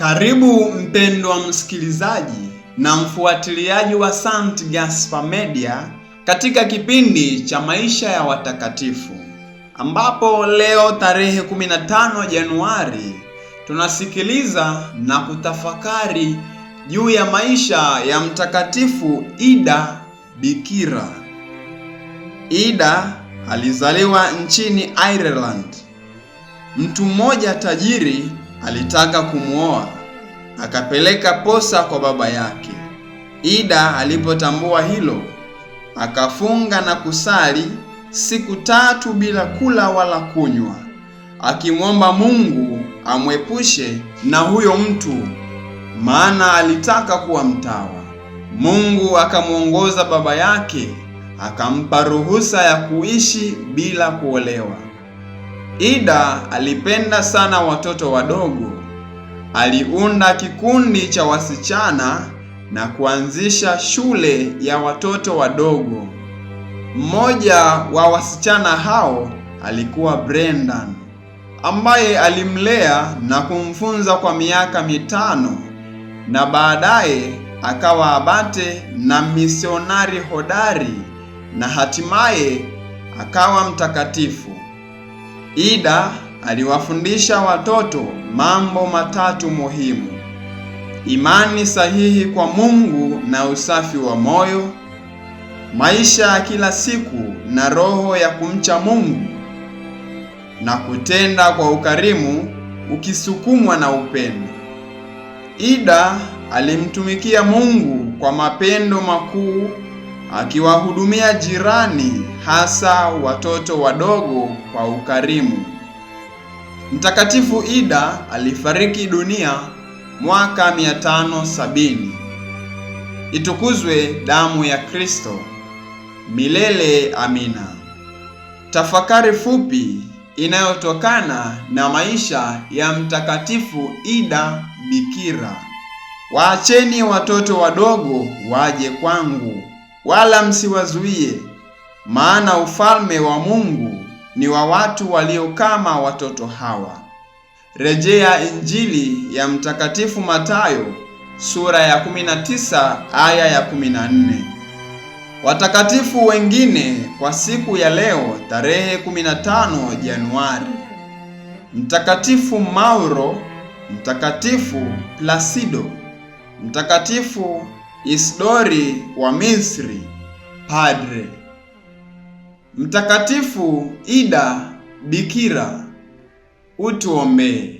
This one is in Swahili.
Karibu mpendwa msikilizaji na mfuatiliaji wa St. Gaspar Media katika kipindi cha maisha ya watakatifu, ambapo leo tarehe 15 Januari tunasikiliza na kutafakari juu ya maisha ya Mtakatifu Ida Bikira. Ida alizaliwa nchini Ireland. Mtu mmoja tajiri alitaka kumuoa akapeleka posa kwa baba yake. Ida alipotambua hilo, akafunga na kusali siku tatu bila kula wala kunywa, akimwomba Mungu amwepushe na huyo mtu, maana alitaka kuwa mtawa. Mungu akamwongoza baba yake, akampa ruhusa ya kuishi bila kuolewa. Ida alipenda sana watoto wadogo. Aliunda kikundi cha wasichana na kuanzisha shule ya watoto wadogo. Mmoja wa wasichana hao alikuwa Brendan ambaye alimlea na kumfunza kwa miaka mitano na baadaye akawa abate na misionari hodari na hatimaye akawa mtakatifu. Ida aliwafundisha watoto mambo matatu muhimu: imani sahihi kwa Mungu na usafi wa moyo, maisha ya kila siku na roho ya kumcha Mungu, na kutenda kwa ukarimu ukisukumwa na upendo. Ida alimtumikia Mungu kwa mapendo makuu akiwahudumia jirani, hasa watoto wadogo kwa ukarimu. Mtakatifu Ida alifariki dunia mwaka 570. Itukuzwe damu ya Kristo! Milele amina. Tafakari fupi inayotokana na maisha ya Mtakatifu Ida Bikira. Waacheni watoto wadogo waje kwangu wala msiwazuie, maana ufalme wa Mungu ni wa watu walio kama watoto hawa. Rejea Injili ya Mtakatifu matayo sura ya 19 aya ya 14. Watakatifu wengine kwa siku ya leo tarehe 15 Januari: Mtakatifu Mauro, Mtakatifu Plasido, Mtakatifu Isidori wa Misri, padre. Mtakatifu Ida bikira, utuombee.